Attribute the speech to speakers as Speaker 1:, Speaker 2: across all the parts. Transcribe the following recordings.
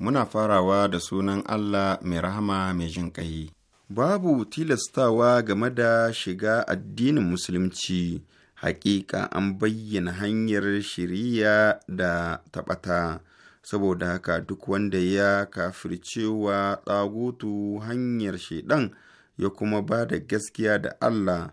Speaker 1: muna farawa da sunan Allah mai rahama mai jin ƙai. Babu tilastawa game da shiga addinin Musulunci, hakika an bayyana hanyar shiriya da taɓata, saboda haka duk wanda ya kafircewa tsagutu hanyar shaidan ya kuma ba da gaskiya da Allah.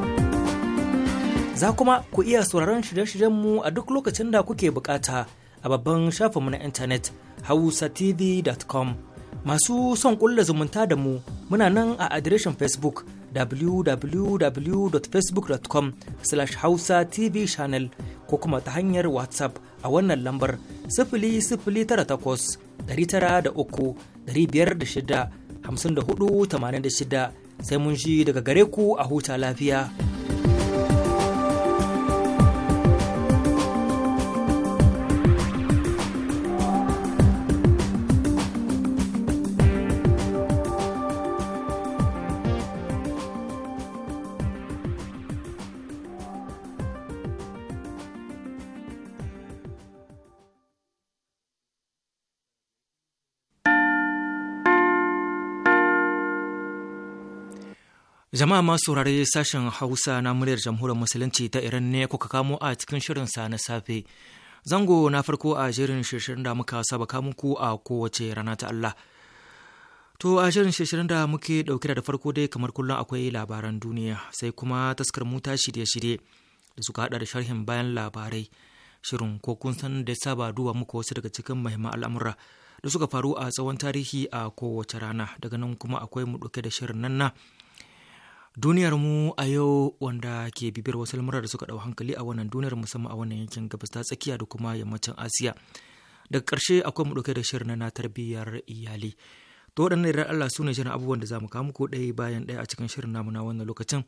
Speaker 2: Za kuma ku iya sauraron shirye-shiryenmu a duk lokacin da kuke bukata a babban shafinmu na intanet hausatv.com. Masu son ƙulla zumunta da mu muna nan a adireshin Facebook www.facebook.com slash hausa tv channel ko kuma ta hanyar whatsapp a wannan lambar sifili sifili da takwas tara uku biyar sai mun shi daga gare ku a huta lafiya. Jama'a masu saurare sashen Hausa na muryar Jamhuriyar Musulunci ta Iran ne kuka kamo a cikin shirin sa na safe. Zango na farko a shirin shirin da muka saba muku a kowace rana ta Allah. To a shirin shirin da muke dauke da farko dai kamar kullum akwai labaran duniya sai kuma taskar muta shirye-shirye da suka hada da sharhin bayan labarai. Shirin ko kun san da saba duba muku wasu daga cikin muhimman al'amura da suka faru a tsawon tarihi a kowace rana daga nan kuma akwai mu dauke da shirin nan na Duniyar mu a yau wanda ke bibiyar wasu lamura da suka ɗau hankali a wannan duniyar musamman a wannan yankin gabas ta tsakiya da kuma yammacin Asiya. Daga karshe akwai mu dauke da shirin na tarbiyyar iyali. To waɗannan idan Allah su ne shirin abubuwan da za mu kawo muku ɗaya bayan ɗaya a cikin shirin namu na wannan lokacin.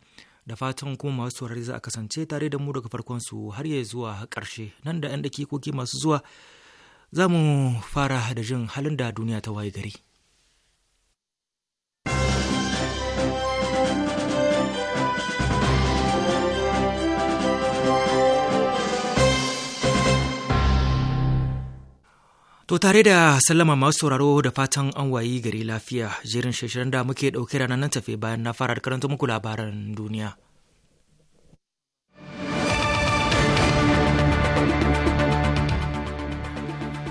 Speaker 2: Da fatan kuma masu saurari za a kasance tare da mu daga farkon su har ya zuwa karshe Nan da 'yan dakikoki masu zuwa za mu fara da jin halin da duniya ta waye gari. To tare da sallama masu sauraro da fatan an wayi gari lafiya jerin shirin da muke ɗauke ranar nan tafe bayan na fara karanta muku labaran duniya.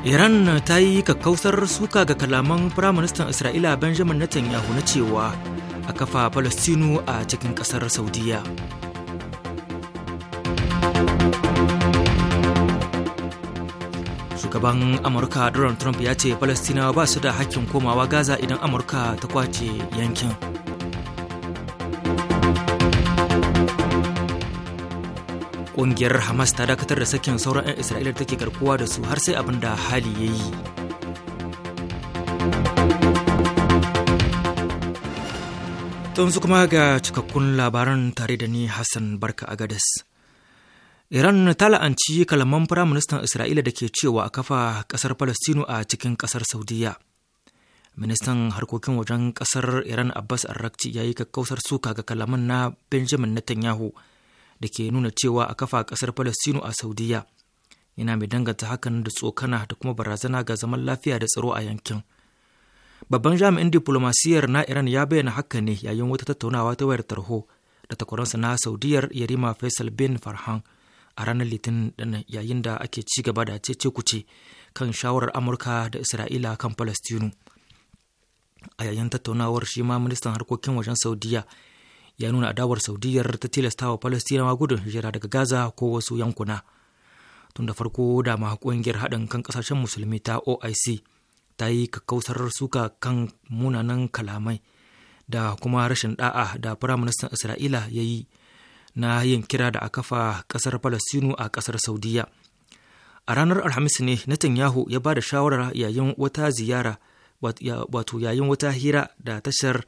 Speaker 2: Iran ta yi kakkausar suka ga kalaman Firaministan Isra'ila Benjamin Netanyahu na cewa a kafa Falastinu a cikin ƙasar saudiyya. shugaban amurka donald trump ya ce palestinawa ba su da hakkin komawa gaza idan amurka ta kwace yankin ƙungiyar hamas ta dakatar da sakin sauran 'yan isra'ila take garkuwa da su har sai abin da hali ya yi tun su kuma ga cikakkun labaran tare da ni hassan barka agadas Iran ta la'anci kalaman Firaministan Isra'ila da ke cewa a kafa ƙasar Falastinu a cikin ƙasar Saudiya. Ministan harkokin wajen ƙasar Iran Abbas Arrakci ya yi kakkausar suka ga kalaman na Benjamin Netanyahu da ke nuna cewa a kafa kasar Falastinu a Saudiya. Yana mai danganta hakan da tsokana da kuma barazana ga zaman lafiya da tsaro a yankin. Babban jami'in diplomasiyar na Iran ya bayyana haka ne yayin wata tattaunawa ta wayar tarho da takwaransa na Saudiyar Yarima Faisal bin Farhan. a ranar litinin ɗin yayin da ake ci gaba da cece kuce kan shawarar amurka da isra'ila kan palestinu a yayin tattaunawar shi ma ministan harkokin wajen saudiya ya nuna adawar saudiyar ta tilastawa palestinawa gudun hijira daga gaza ko wasu yankuna tun da farko da ma ƙungiyar haɗin kan ƙasashen musulmi ta oic ta yi kakkausar suka kan munanan kalamai da kuma rashin da'a da firaministan isra'ila ya yi na yin kira da a kafa ƙasar Falasinu a ƙasar Saudiya. A ranar Alhamis ne Netanyahu ya ba da shawara yayin wata ziyara wato yayin wata hira da tashar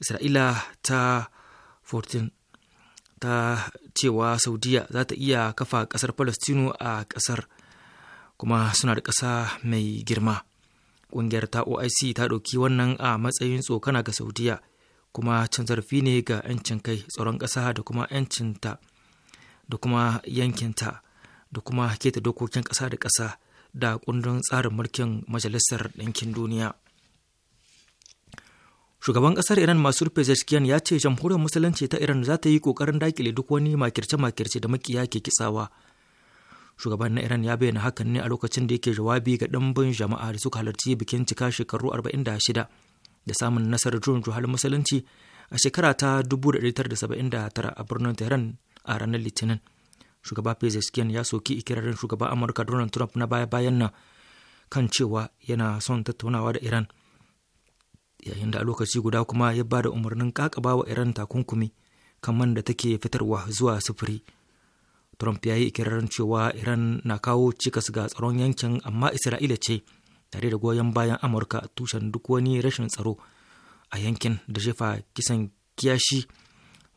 Speaker 2: Isra'ila ta 14 ta cewa Saudiya za ta iya kafa ƙasar Falastinu a ƙasar kuma suna da ƙasa mai girma. Ƙungiyar ta OIC ta ɗauki wannan a matsayin tsokana ga Saudiya kuma cin zarafi ne ga 'yancin kai tsaron kasa da kuma 'yancinta da kuma yankinta da kuma keta dokokin kasa da kasa da kundin tsarin mulkin majalisar ɗinkin duniya shugaban ƙasar iran masu rufe zaskiyan ya ce jamhuriyar musulunci ta iran za ta yi ƙoƙarin dakile duk wani makirce-makirce da makiya ke kitsawa shugaban na iran ya bayyana hakan ne a lokacin da yake jawabi ga ɗimbin jama'a da suka halarci bikin cika shekaru 46 da samun nasarar juyin juhalin musulunci a shekara ta 1979 a birnin Tehran a ranar Litinin. Shugaba Pezeshkian ya soki ikirarin shugaba Amurka Donald Trump na baya-bayan nan kan cewa yana son tattaunawa da Iran. Yayin da a lokaci guda kuma ya ba da umarnin kakaba wa Iran takunkumi kan man da take fitarwa zuwa sufuri. Trump ya yi ikirarin cewa Iran na kawo cikas ga tsaron yankin amma Isra'ila ce. tare da goyon bayan amurka a tushen duk wani rashin tsaro a yankin da jefa kisan kiyashi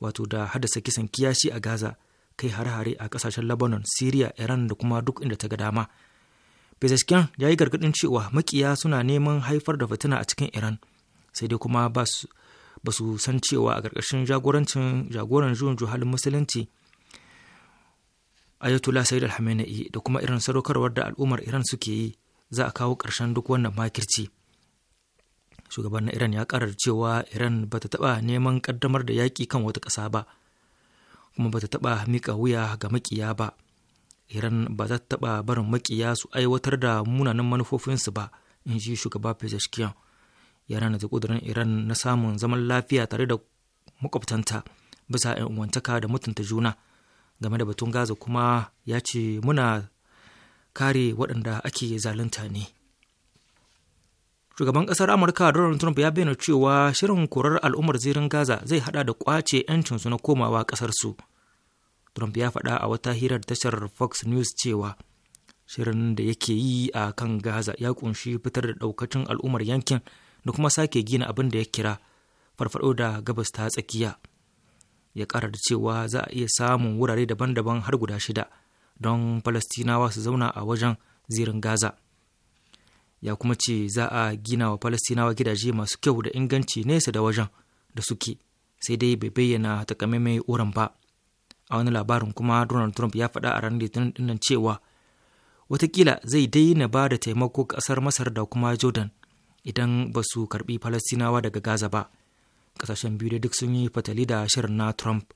Speaker 2: wato da haddasa kisan kiyashi a gaza kai har hare a kasashen lebanon syria iran da kuma duk inda ta ga dama pezeshkian ya yi gargadin cewa makiya suna neman haifar da fitina a cikin iran sai dai kuma ba su san cewa a ƙarƙashin jagorancin jagoran juyin juhalin musulunci ayatollah sayyid al da kuma irin sadaukarwar da al'ummar iran suke yi za a kawo ƙarshen duk wannan makirci shugaban na iran ya karar cewa iran ba ta taɓa neman ƙaddamar da yaƙi kan wata ƙasa ba kuma ba ta taɓa miƙa wuya ga maƙiya ba iran ba za ta taɓa barin maƙiya su aiwatar da munanan manufofinsu ba in ji shugaba pezeshkian ya rana da ƙudurin iran na samun zaman lafiya tare da makwabtanta bisa 'yan uwantaka da mutunta juna game da batun gaza kuma ya ce muna kare waɗanda ake zalunta ne shugaban ƙasar amurka donald trump ya bayyana cewa shirin korar al'ummar zirin gaza zai haɗa da kwace 'yancinsu na komawa ƙasarsu trump ya faɗa a wata hirar tashar fox news cewa shirin da yake yi a kan gaza ya ƙunshi fitar da ɗaukacin al'ummar yankin da kuma sake gina abin da ya kira farfaɗo da gabas ta tsakiya ya ƙara da cewa za a iya samun wurare daban-daban har guda shida don falastinawa su zauna a wajen zirin gaza ya kuma ce za a gina wa falastinawa gidaje masu kyau da inganci nesa da wajen da suke sai dai bai bayyana takamaimai wurin ba a wani labarin kuma donald trump ya faɗa a ranar litinin dinnan cewa watakila zai daina ba da taimako ƙasar masar da kuma jordan idan ba su karɓi falastinawa daga gaza ba ƙasashen biyu da duk sun yi fatali da shirin na trump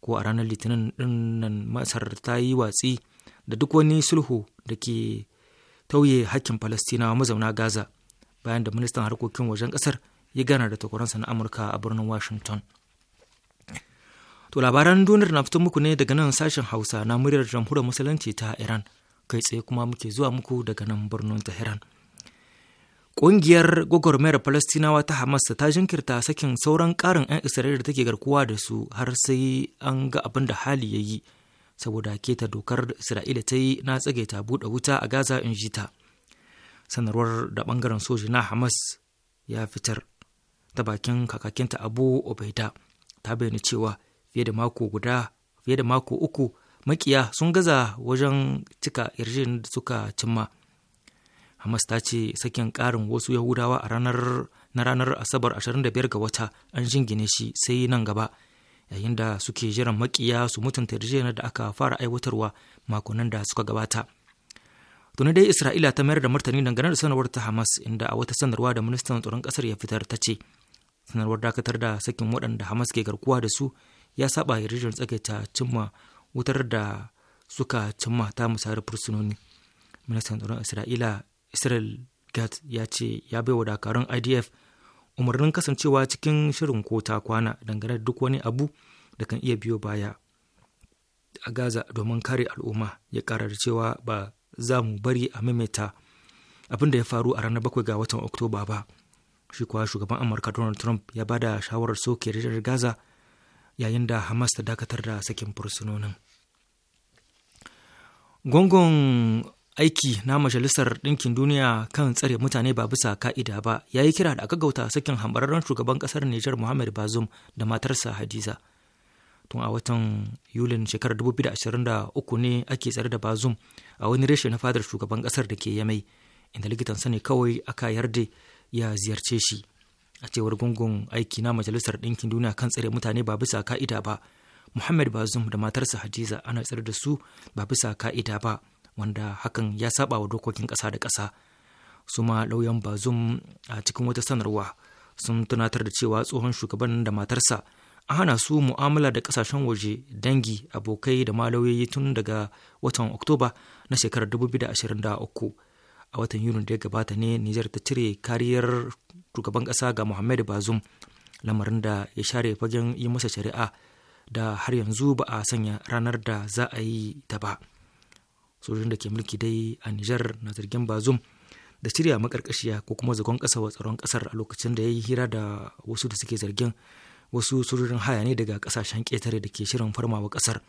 Speaker 2: ko a ranar litinin ɗinnan masar ta yi watsi da duk wani sulhu da ke tauye hakkin falastinawa mazauna gaza bayan da ministan harkokin wajen kasar ya gana da takwaransa na amurka a birnin washington to labaran duniyar na fito muku ne daga nan sashen hausa na muryar jamhuriyar musulunci ta iran kai tsaye kuma muke zuwa muku daga nan birnin tehran Ƙungiyar gwagwarmayar Falastinawa ta Hamas ta jinkirta sakin sauran ƙarin 'yan Isra'ila da take garkuwa da su har sai an ga abin da hali ya yi saboda keta dokar Isra'ila ta yi na tsage ta buɗe wuta a Gaza in ji ta. Sanarwar da ɓangaren soji na Hamas ya fitar ta bakin kakakinta Abu Obaida ta bayyana cewa fiye da mako guda fiye da mako uku makiya sun gaza wajen cika yarjejeniyar da suka cimma. Hamas ta ce sakin karin wasu Yahudawa a ranar na ranar Asabar 25 ga wata an jingine shi sai nan gaba yayin da suke jiran makiya su mutunta yarjejeniyar da aka fara aiwatarwa makonnin da suka gabata. Tuni dai Isra'ila ta mayar da martani dangane da sanarwar ta Hamas inda a wata sanarwa da ministan tsaron kasar ya fitar ta ce sanarwar dakatar da sakin waɗanda Hamas ke garkuwa da su ya saba yarjejeniyar ta cimma wutar da suka cimma ta musayar fursunoni. Ministan tsaron Isra'ila israel gat ya ce ya bai wa dakarun idf umarnin kasancewa cikin shirin ko ta kwana dangane da duk wani abu da kan iya biyo baya a gaza domin kare al'umma ya kara da cewa ba za mu bari a maimaita abin da ya faru a ranar bakwai ga watan oktoba ba shi kuwa shugaban amurka donald trump ya bada shawarar soke rijiyar gaza yayin da hamas ta dakatar da sakin fursunonin gongon aiki na Majalisar Ɗinkin Duniya kan tsare mutane ba bisa ka'ida ba ya yi kira da aka gauta sakin hambararren shugaban ƙasar Nijar Muhammad Bazoum da matarsa Hadiza. Tun a watan Yulin shekarar 2023 ne ake tsare da Bazoum a wani reshe na fadar shugaban ƙasar da ke Yamai, inda likitan sani kawai aka yarda ya ziyarce shi. A cewar gungun aiki na Majalisar Ɗinkin Duniya kan tsare mutane ba bisa ka'ida ba, Muhammad Bazoum da matarsa Hadiza ana tsare da su ba bisa ka'ida ba. wanda hakan ya saba wa dokokin ƙasa da ƙasa su ma lauyan bazum a cikin wata sanarwa sun tunatar da cewa tsohon shugaban da matarsa a hana su mu'amala da ƙasashen waje dangi abokai da ma malauyoyi tun daga watan oktoba na shekarar 2023 a watan yunin da ya gabata ne nijar ta cire kariyar shugaban ƙasa ga muhammadu bazum lamarin da ya share fagen yi masa shari'a da har yanzu ba a sanya ranar da za a yi ta ba sojojin da ke mulki dai a Nijar na zargin Bazum da shirya makarkashiya ko kuma zagon kasa wa tsaron ƙasar a lokacin da ya yi hira da wasu da suke zargin wasu sojojin haya ne daga kasashen ƙetare da ke shirin farmawa ƙasar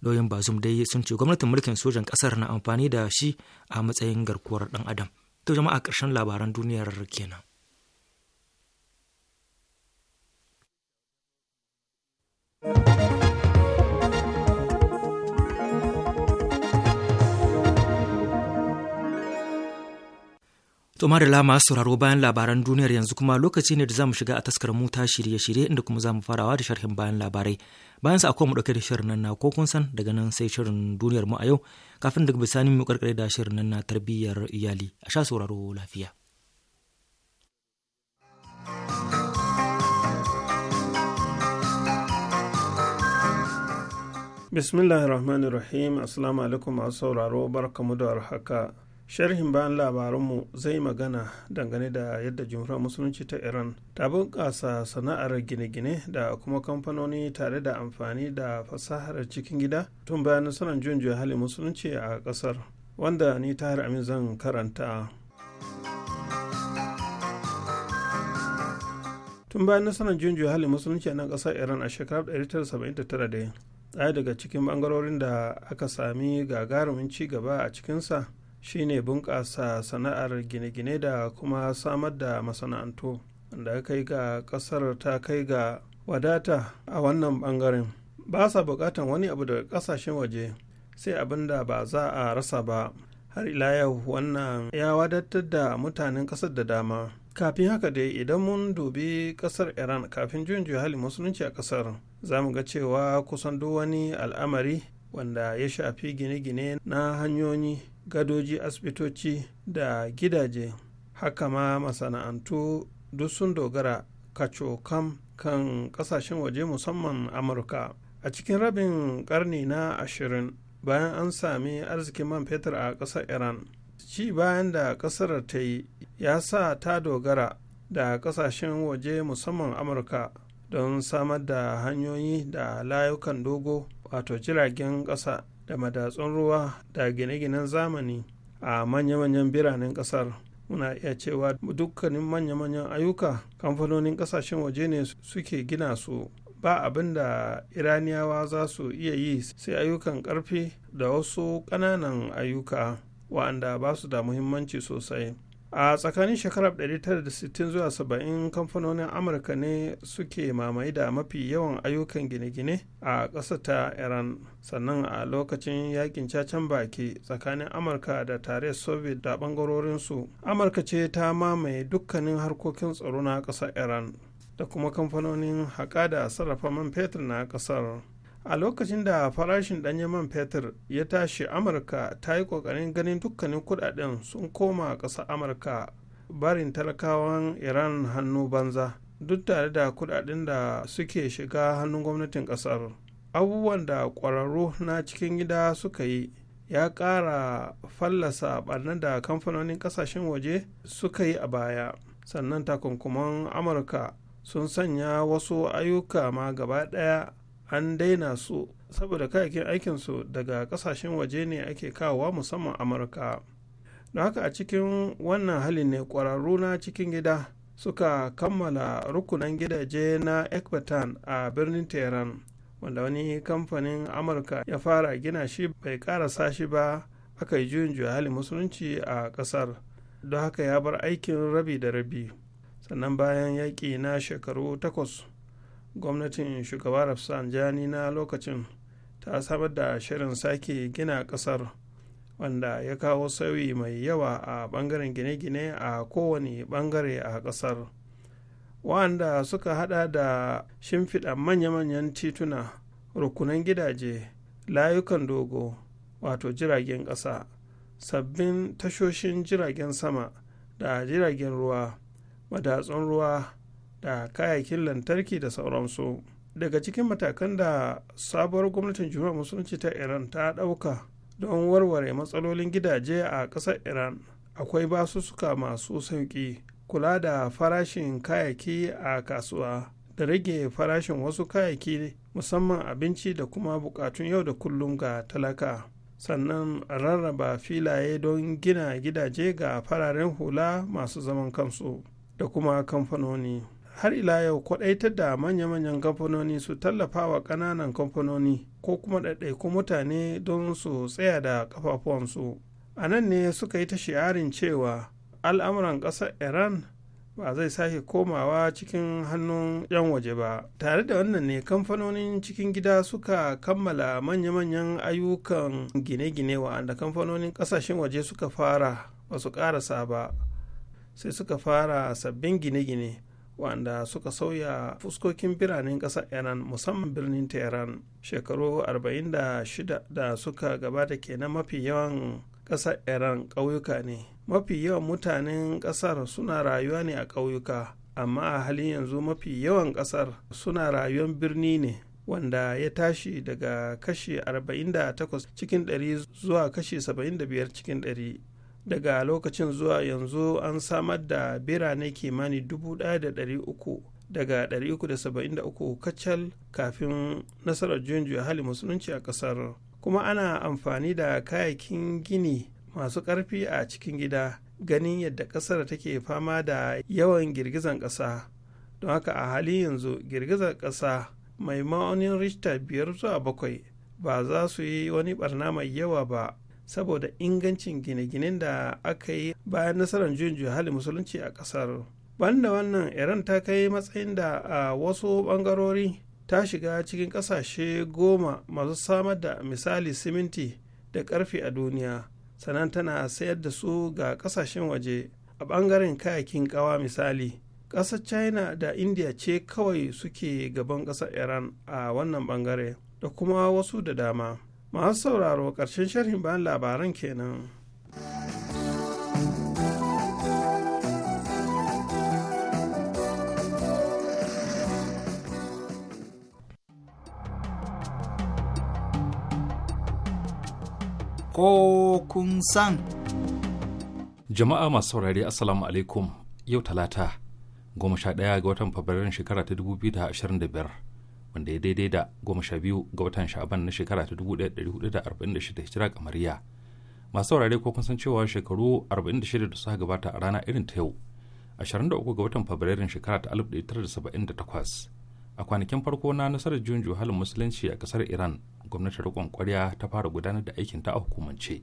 Speaker 2: lauyan bazum dai sun ce gwamnatin mulkin sojan kasar na amfani da shi a matsayin garkuwar dan adam to jama'a ƙarshen labaran duniyar kenan thank To da masu sauraro bayan labaran duniyar yanzu kuma lokaci ne da za mu shiga a taskar muta shirye-shirye inda kuma za mu farawa da sharhin bayan labarai. Bayan sa akwai mu dauke da shirin nan na ko kun san daga nan sai shirin duniyar mu a yau kafin daga bisani mu karkare da shirin nan na tarbiyyar iyali. A sha sauraro lafiya.
Speaker 3: Bismillahirrahmanirrahim. Assalamu alaikum masu sauraro barkamu da warhaka. sharhin bayan labaranmu zai magana dangane da yadda jumhuriyar musulunci ta iran ta bunƙasa sana'ar gine-gine da kuma kamfanoni tare da amfani da fasahar cikin gida tun bayan nasarar juyin juya halin musulunci a ƙasar wanda ni tahir amin zan karanta tun bayan nasarar juyin juya halin musulunci a nan ƙasar iran a shekarar 1979 daya daga cikin bangarorin da aka sami gagarumin ci gaba a cikinsa shine bunƙasa sana'ar gine-gine da kuma samar da masana'antu da kai ga ƙasar ta kai ga wadata a wannan ɓangaren ba sa buƙatan wani abu daga ƙasashen waje sai abin da ba za a rasa ba har ila yau wannan ya wadatar da mutanen ƙasar da dama kafin haka dai idan mun dubi ƙasar iran kafin juyin hali musulunci a ƙasar. za mu ga cewa kusan duk wani al'amari wanda ya shafi gine-gine na hanyoyi gadoji asibitoci da gidaje haka ma masana'antu duk sun dogara kacokam kan kasashen waje musamman amurka a cikin rabin karni na ashirin bayan an sami arzikin man fetur a ƙasar iran ci bayan da ƙasar ta yi ya sa ta dogara da ƙasashen waje musamman amurka don samar da hanyoyi da layukan dogo wato jiragen ƙasa da madatsun ruwa da gine-ginen zamani a manya-manyan biranen kasar muna iya cewa dukkanin manya-manyan ayyuka kamfanonin kasashen waje ne suke gina su ba abin da iraniyawa za su iya yi sai ayyukan ƙarfi da wasu ƙananan ayyuka wa'anda ba su da muhimmanci sosai a tsakanin shekarar 1960 zuwa 70 kamfanonin amurka ne suke mamaye da mafi yawan ayyukan gine-gine a ƙasa ta iran sannan a lokacin yakin cacen baki tsakanin amurka da tare soviet da ɓangarorinsu amurka ce ta mamaye dukkanin harkokin tsaro na ƙasar iran da kuma kamfanonin haƙa da sarrafa man fetur na ƙasar a lokacin da farashin ɗanyen man fetur ya tashi amurka ta yi ƙoƙarin ganin dukkanin kudaden sun koma ƙasar amurka barin talakawan iran hannu banza duk tare da kudaden da suke shiga hannun gwamnatin ƙasar abubuwan da ƙwararru na cikin gida suka yi ya ƙara fallasa ɓarnar da kamfanonin ƙasashen waje suka yi a baya sannan takunkuman amurka sun sanya wasu ayyuka ma gaba ɗaya an daina su saboda kayakin aikinsu daga kasashen waje ne ake kawowa musamman amurka don haka a cikin wannan halin ne kwararru na cikin gida suka kammala rukunan gidaje na ekbatan a birnin tehran wanda wani kamfanin amurka ya fara gina shi bai karasa shi ba aka yi juyin juya halin musulunci a kasar don haka ya bar aikin rabi da rabi sannan bayan yaƙi na shekaru takwas gwamnatin shugaba rafsanjani na lokacin ta samar da shirin sake gina kasar wanda ya kawo sauyi mai yawa a bangaren gine-gine a kowane bangare a kasar wanda suka hada da shimfiɗa manya-manyan tituna rukunan gidaje layukan dogo wato jiragen ƙasa sabbin tashoshin jiragen sama da jiragen ruwa madatsun ruwa da kayayyakin lantarki da sauransu daga cikin matakan da sabuwar gwamnatin jihar musulunci ta iran ta dauka don warware matsalolin gidaje a ƙasar iran akwai basussuka masu sauƙi kula da farashin kayayyaki a kasuwa da rage farashin wasu kayayyaki musamman abinci da kuma buƙatun yau da kullum ga talaka sannan rarraba filaye don gina gidaje ga fararen hula masu zaman kansu da kuma kamfanoni. har ila yau kwadaitar da manya-manyan kamfanoni su tallafa wa ƙananan kamfanoni ko kuma ɗaiɗaiku mutane don su tsaya da kafafuwansu a nan ne suka yi ta shi'arin cewa al'amuran ƙasar iran ba zai sake komawa cikin hannun 'yan waje ba tare da wannan ne kamfanonin cikin gida suka kammala manya-manyan ayyukan gine-gine wa'anda kamfanonin ƙasashen waje suka fara ba su ƙarasa ba sai suka fara sabbin gine-gine wanda suka sauya fuskokin biranen ƙasar iran musamman birnin tehran shekaru 46 da suka gabata kenan mafi yawan ƙasar iran ƙauyuka ne mafi yawan mutanen ƙasar suna rayuwa ne a ƙauyuka amma a halin yanzu mafi yawan ƙasar suna rayuwar birni ne wanda ya tashi daga kashi 48 cikin 100 zuwa kashi 75 cikin 100 daga lokacin zuwa yanzu an samar da birane kimani 1,300 daga 373 kacal kafin nasarar juyin juya hali musulunci a kasar kuma ana amfani da kayakin gini masu ƙarfi a cikin gida ganin yadda ƙasar take fama da yawan girgizan ƙasa don haka a hali yanzu girgizar ƙasa mai ma'aunin richter biyar zuwa bakwai ba za su yi wani barna mai yawa ba saboda ingancin gine-ginen da aka yi bayan nasarar juyin juya hali musulunci a kasar banda wannan iran ta kai matsayin da a wasu bangarori ta shiga cikin kasashe goma masu samar da misali siminti da karfe a duniya sannan tana sayar da su ga kasashen waje a bangaren kayakin kawa misali ƙasa china da india ce kawai suke gaban ƙasar iran a wannan bangare da kuma wasu da dama masu sauraro ƙarshen sharhin bayan labaran kenan.
Speaker 4: Ko kun san. Jama'a masu saurari Assalamu alaikum yau talata goma sha ɗaya ga watan Fabrairun shekara ta dubu biyu da wanda ya daidai da goma sha biyu ga watan sha'aban na shekara ta shida hijira kamariya masu saurare ko kun san cewa shekaru arba'in da suka gabata a rana irin ta yau uku ga watan fabrairun shekara ta da takwas a kwanakin farko na nasarar juyin juhalin musulunci a kasar iran gwamnatin rikon kwarya ta fara gudanar da aikin ta a hukumance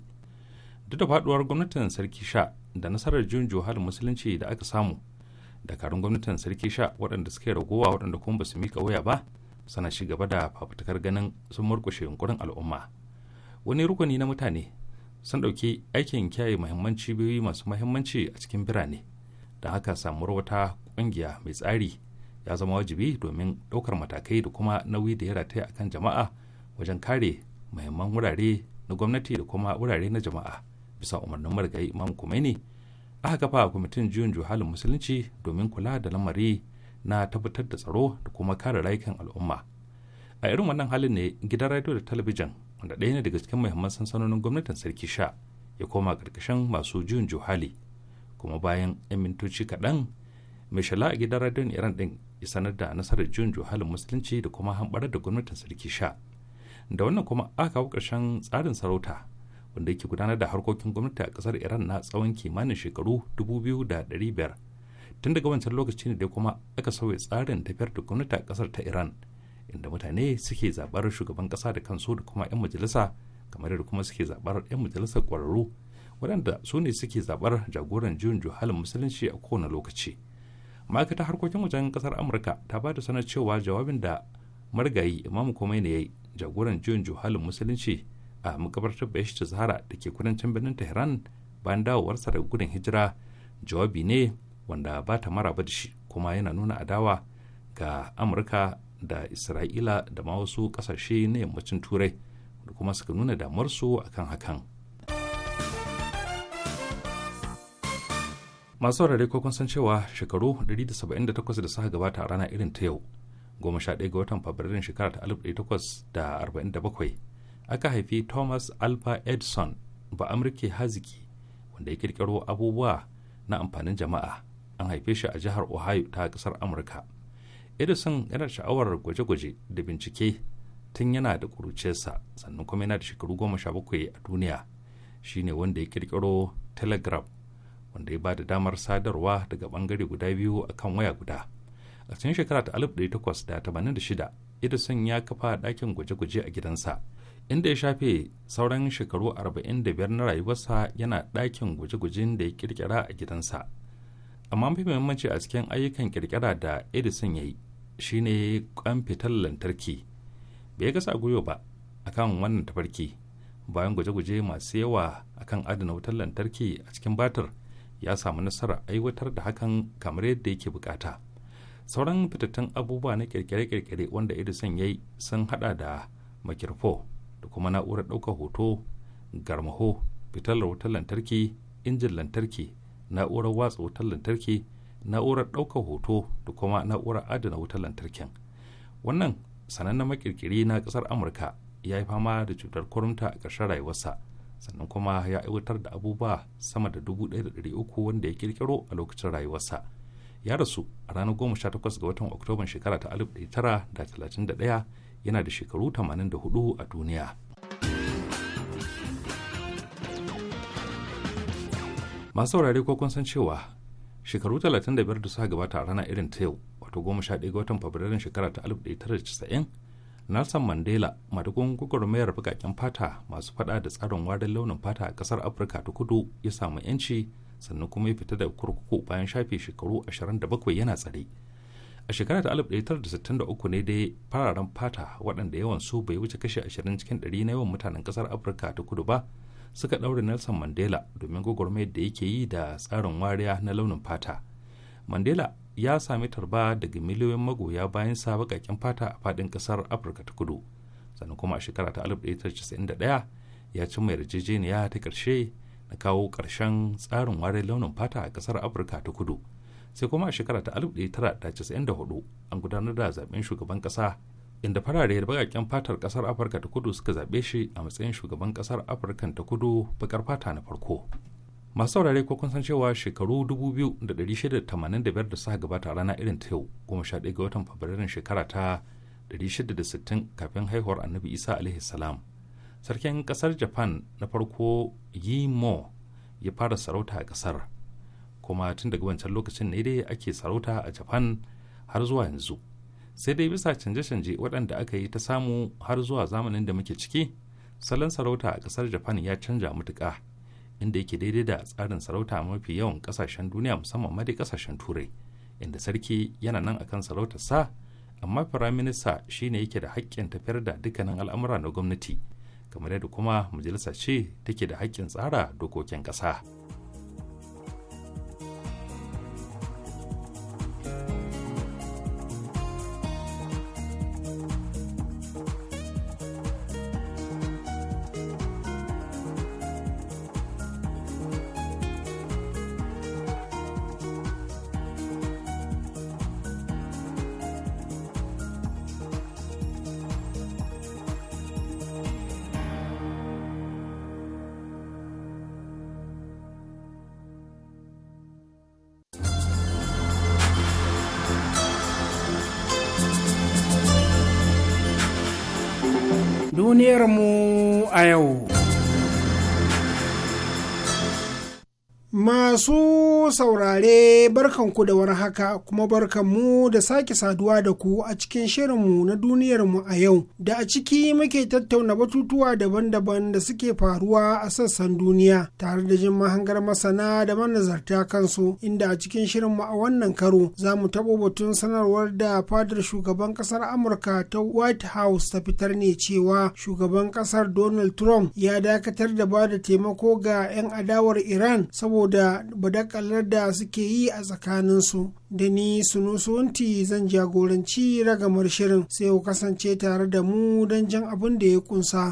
Speaker 4: duk da faduwar gwamnatin sarki sha da nasarar juyin juhalin musulunci da aka samu dakarun gwamnatin sarki sha waɗanda suke ragowa waɗanda kuma ba su mika waya ba sana shi gaba da fafutukar ganin sun murkushe yunkurin al'umma wani rukuni na mutane sun ɗauki aikin kyaye muhimmanci cibiyoyi masu muhimmanci a cikin birane da haka samuwar wata ƙungiya mai tsari ya zama wajibi domin ɗaukar matakai da kuma nauyi da ya rataya a kan jama'a wajen kare muhimman wurare na gwamnati da kuma wurare na jama'a bisa umarnin marigayi imam kumaini aka kafa kwamitin juyin juhalin musulunci domin kula da lamari na tabbatar da tsaro da kuma kare rayukan al'umma a irin wannan halin ne gidan radio da talabijin wanda ɗaya ne daga cikin muhimman sansanonin gwamnatin sarki sha ya koma ƙarƙashin masu juyin juhali kuma bayan 'yan mintoci kaɗan mai shala a gidan radiyon iran ɗin ya sanar da nasarar juyin juhalin musulunci da kuma hanɓarar da gwamnatin sarki sha da wannan kuma aka kawo ƙarshen tsarin sarauta wanda yake gudanar da harkokin gwamnati a ƙasar iran na tsawon kimanin shekaru 2500 tun daga wancan lokaci ne dai kuma aka sauya tsarin tafiyar da gwamnati a kasar ta iran inda mutane suke zabar shugaban kasa da kansu da kuma 'yan majalisa kamar yadda kuma suke zabar 'yan majalisar kwararru waɗanda su ne suke zabar jagoran juyin juhalin musulunci a kowane lokaci ma'aikatar harkokin wajen kasar amurka ta ba da sanar cewa jawabin da margayi imamu komai ne ya yi jagoran juyin juhalin musulunci a makabartar bayashi zahara da ke kudancin birnin tehran bayan dawowarsa daga gudun hijira jawabi ne wanda ba ta ba da shi kuma yana nuna adawa ga amurka da isra'ila da ma wasu kasashe na yammacin turai da kuma suka nuna damarsu akan hakan masu saurare ko kun cewa shekaru 178 da suka gabata a rana irin ta yau 11 ga watan fabrairun shekara ta 1847 aka haifi thomas alba edison ba amurke haziki wanda ya kirkiro abubuwa na amfanin jama'a an haife shi a jihar ohio ta kasar amurka edison yana sha'awar gwaje-gwaje da bincike tun yana da kurucesa sannan kuma yana da shekaru goma sha bakwai a duniya shine wanda ya kirkiro telegraph wanda ya ba da damar sadarwa daga bangare guda biyu a kan waya guda a cikin shekara ta shida edison ya kafa ɗakin gwaje-gwaje a gidansa inda ya shafe sauran shekaru arba'in da biyar na rayuwarsa yana ɗakin gwaje-gwajen da ya kirkira a gidansa amma mafi muhimmanci a cikin ayyukan kirkira da edison ya yi shine kan fitar lantarki bai gasa gwiwa ba akan wannan tafarki bayan guje-guje masu yawa akan adana wutar lantarki a cikin batar ya samu nasara aiwatar da hakan kamar yadda yake bukata sauran fitattun abubuwa na kirkire-kirkire wanda edison ya yi sun hada da makirfo da kuma na'urar ɗaukar hoto garmaho fitalar wutar lantarki injin lantarki na'urar watsa wutar lantarki na'urar ɗaukar hoto da kuma na'urar adana wutar lantarkin wannan sanannen makirkiri na ƙasar amurka ya yi fama da cutar kurumta a ƙarshen rayuwarsa sannan kuma ya aiwatar da abubuwa sama da dubu ɗaya da ɗari uku wanda ya ƙirƙiro a lokacin rayuwarsa ya rasu a ranar goma sha takwas ga watan oktoban shekara ta da da ɗaya yana da shekaru tamanin da hudu a duniya. masu saurare ko kun san cewa shekaru 35 da suka gabata a rana irin ta yau wato 11 ga watan fabrairun shekara ta 1990 nelson mandela madugun gwagwarmayar bukaken fata masu fada da tsarin warin launin fata a kasar afirka ta kudu ya samu yanci sannan kuma ya fita da kurkuku bayan shafe shekaru 27 yana tsare a shekara ta 1963 ne dai fararen fata waɗanda yawan su bai wuce kashe 20 cikin 100 na yawan mutanen kasar afirka ta kudu ba suka ɗaure nelson mandela domin gwagwarmayar da yake yi da tsarin wariya na launin fata mandela ya sami tarba daga miliyoyin magoya bayan sa baƙaƙen fata a faɗin ƙasar afirka ta kudu sannan kuma a shekara ta 1991 ya cimma yarjejeniya ta ƙarshe na kawo ƙarshen tsarin wariyar launin fata a ƙasar afirka ta kudu sai kuma a shekara ta 1994 an gudanar da zaɓen shugaban ƙasa inda farare da bakaken fatar ƙasar afirka ta kudu suka zaɓe shi a matsayin shugaban ƙasar afirka ta kudu bakar fata na farko masu saurare ko kun san cewa shekaru 2685 da suka gabata rana irin ta yau kuma 11 ga watan fabrairun shekara ta 660 kafin haihuwar annabi isa alaihi salam sarkin kasar japan na farko yimo ya fara sarauta a kasar kuma tun daga wancan lokacin ne dai ake sarauta a japan har zuwa yanzu sai dai bisa canje-canje waɗanda aka yi ta samu har zuwa zamanin da muke ciki salon sarauta a ƙasar japan ya canja matuƙa inda yake daidai da tsarin sarauta mafi yawan ƙasashen duniya musamman ma dai ƙasashen turai inda sarki yana nan akan sarautar sa amma firaminista shine yake da haƙƙin tafiyar da dukkanin al'amura na gwamnati kamar yadda kuma majalisa ce take da haƙƙin tsara dokokin ƙasa.
Speaker 5: duniyarmu a yau. Masu saurare barkanku da warhaka haka kuma barkanmu da sake saduwa da ku a cikin shirinmu na duniyarmu a yau da a ciki muke tattauna batutuwa daban-daban da suke faruwa a sassan duniya tare da jin mahangar masana da manazarta kansu inda a cikin shirinmu a wannan karo za mu taɓo batun sanarwar da fadar shugaban ƙasar Amurka ta White House ta fitar ne cewa shugaban ƙasar Donald Trump ya dakatar da ba da taimako ga 'yan adawar Iran saboda da badakalar da suke yi a tsakaninsu da ni sunusunti zan jagoranci ragamar shirin sai ku kasance tare da mu don jan abin da ya kunsa.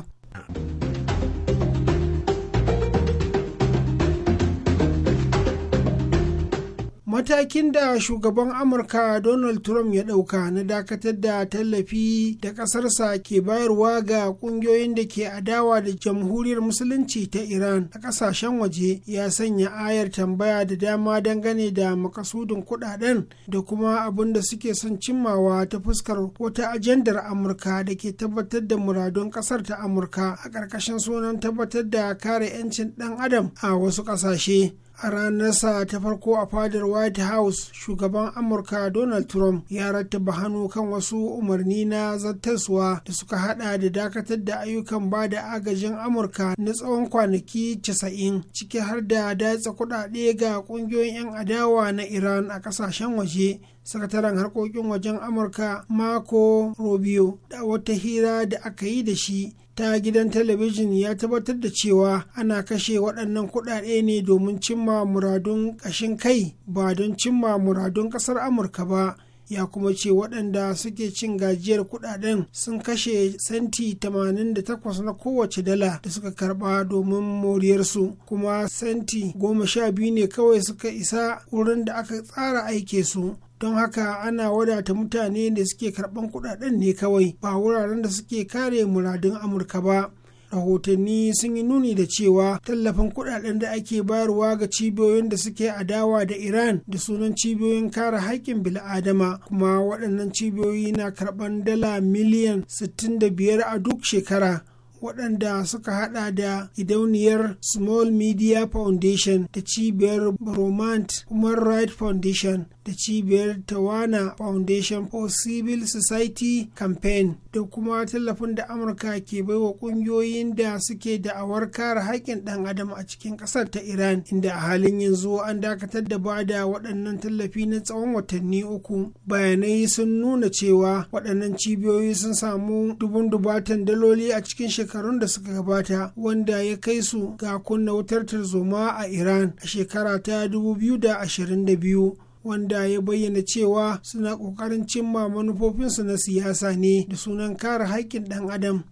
Speaker 5: matakin da shugaban amurka donald trump ya ɗauka na dakatar da tallafi da ƙasarsa ke bayarwa ga ƙungiyoyin da ke adawa da jamhuriyar musulunci ta iran a ƙasashen waje ya sanya ayar tambaya da dama dangane da makasudin kuɗaɗen da kuma abin da suke son cimmawa ta fuskar wata ajandar amurka da ke tabbatar da muradun ƙasar ta amurka a ƙarƙashin sunan tabbatar da kare 'yancin ɗan adam a wasu ƙasashe a ranarsa ta farko a fadar white house shugaban amurka donald trump ya rattaba hannu kan wasu umarni na zartaswa da suka hada da dakatar da ayyukan ba da agajin amurka na tsawon kwanaki 90 ciki har da datsa kudade ga kungiyoyin 'yan adawa na iran a kasashen waje sakataren harkokin wajen amurka mako rubio da wata hira da aka yi da shi ta gidan talabijin ya tabbatar da cewa ana kashe waɗannan kuɗaɗe ne domin cimma muradun ƙashin kai ba don cimma muradun ƙasar amurka ba ya kuma ce waɗanda suke cin gajiyar kuɗaɗen sun kashe senti 88 na kowace dala da suka karɓa domin moriyarsu kuma senti 12 ne kawai suka isa wurin da aka tsara aike su don haka ana wadata mutane da suke karɓan kuɗaɗen ne kawai ba wuraren da suke kare muradun amurka ba rahotanni sun yi nuni da cewa tallafin kuɗaɗen da ake bayarwa ga cibiyoyin da suke adawa da iran da sunan cibiyoyin kare haƙƙin bil'adama kuma waɗannan cibiyoyi na karɓan dala miliyan 65 a duk shekara waɗanda suka haɗa da gidauniyar small media foundation da cibiyar romant human rights foundation da cibiyar tawana foundation for civil society campaign da kuma tallafin da amurka ke baiwa ƙungiyoyin da suke da'awar kare haƙƙin ɗan adam a cikin ƙasar ta iran inda a halin yanzu an dakatar da ba da waɗannan tallafi na tsawon watanni uku bayanai sun nuna cewa waɗannan cibiyoyi sun samu dubun dubatan daloli a cikin shekaru shekarun da suka gabata wanda ya kai su ga kunna wutar tarzoma a iran a shekara ta 2022 wanda ya bayyana cewa suna kokarin cimma manufofinsu na siyasa ne da sunan kare haƙƙin ɗan adam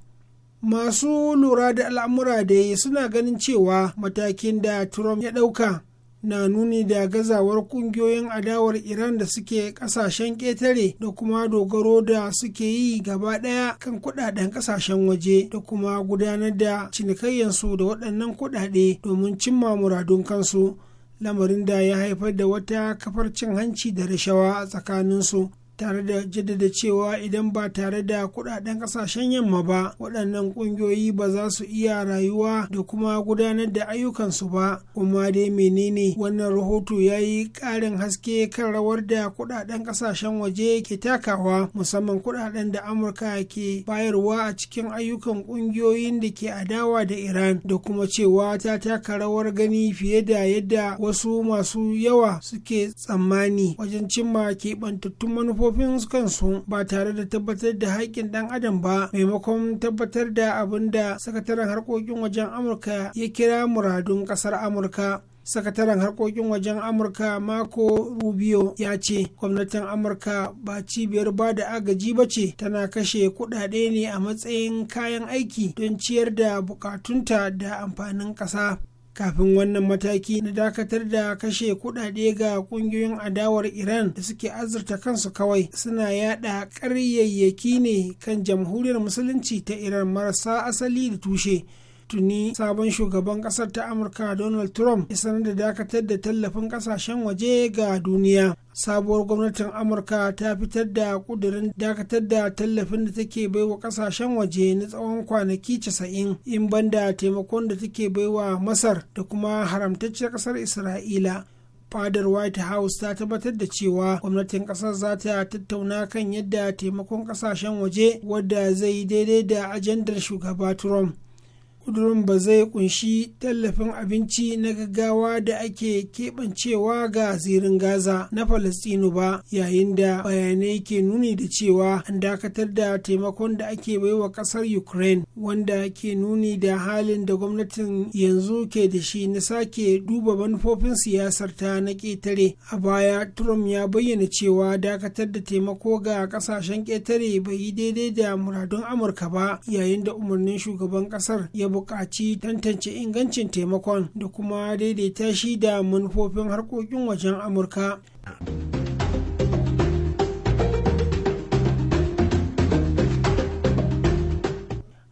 Speaker 5: masu lura da al'amura da suna ganin cewa matakin da trump ya ɗauka na nuni da gazawar kungiyoyin adawar iran da suke kasashen ƙetare da kuma dogaro da suke yi gaba ɗaya kan kuɗaɗen ƙasashen waje da kuma gudanar da cinikayyansu da waɗannan kuɗaɗe domin cimma muradun kansu lamarin da ya haifar da wata kafar cin hanci da rashawa a tsakaninsu tare da jaddada cewa idan ba tare da kudaden kasashen yamma ba waɗannan ƙungiyoyi ba za su iya rayuwa da kuma gudanar da ayyukansu ba kuma dai menene wannan rahoto ya yi ƙarin haske kan rawar da kudaden kasashen waje ke takawa musamman kudaden da amurka ke bayarwa a cikin ayyukan ƙungiyoyin da ke adawa da iran da kuma cewa ta taka rawar gani fiye da yadda wasu masu yawa suke tsammani wajen cimma keɓantattun manufofi manufofin kansu ba tare da tabbatar da haƙƙin ɗan adam ba maimakon tabbatar da abin da sakataren harkokin wajen amurka ya kira muradun ƙasar amurka sakataren harkokin wajen amurka mako rubio ya ce gwamnatin amurka ba cibiyar ba da agaji ba ce tana kashe kudade ne a matsayin kayan aiki don ciyar da bukatunta da amfanin ƙasa kafin wannan mataki na dakatar da kashe kudade ga kungiyoyin adawar iran da suke azurta kansu kawai suna yada karyayyaki ne kan jamhuriyar musulunci ta iran marasa asali da tushe tuni sabon shugaban kasar ta amurka donald trump ya sanar da dakatar da tallafin kasashen waje ga duniya sabuwar gwamnatin amurka ta fitar da kudirin dakatar da tallafin da take baiwa kasashen waje na tsawon kwanaki 90 in banda taimakon da take baiwa masar da kuma haramtacciyar kasar isra'ila fadar white house ta tabbatar da cewa gwamnatin kasar za ta tattauna kan yadda taimakon kasashen waje wadda zai daidai da ajandar shugaba trump ƙudurin ba zai kunshi tallafin abinci na gaggawa da ake keɓancewa ga zirin gaza na falastinu ba yayin da bayanai ke nuni da cewa an dakatar da taimakon da ake baiwa ƙasar ukraine wanda ke nuni da halin da gwamnatin yanzu ke da shi na sake duba manufofin siyasar ta na ƙetare a baya trump ya bayyana cewa dakatar da taimako ga ƙasashen ƙetare bai yi daidai da muradun amurka ba yayin da umarnin shugaban ƙasar ya buƙaci tantance ingancin taimakon da kuma daidaita shi da manufofin harkokin wajen amurka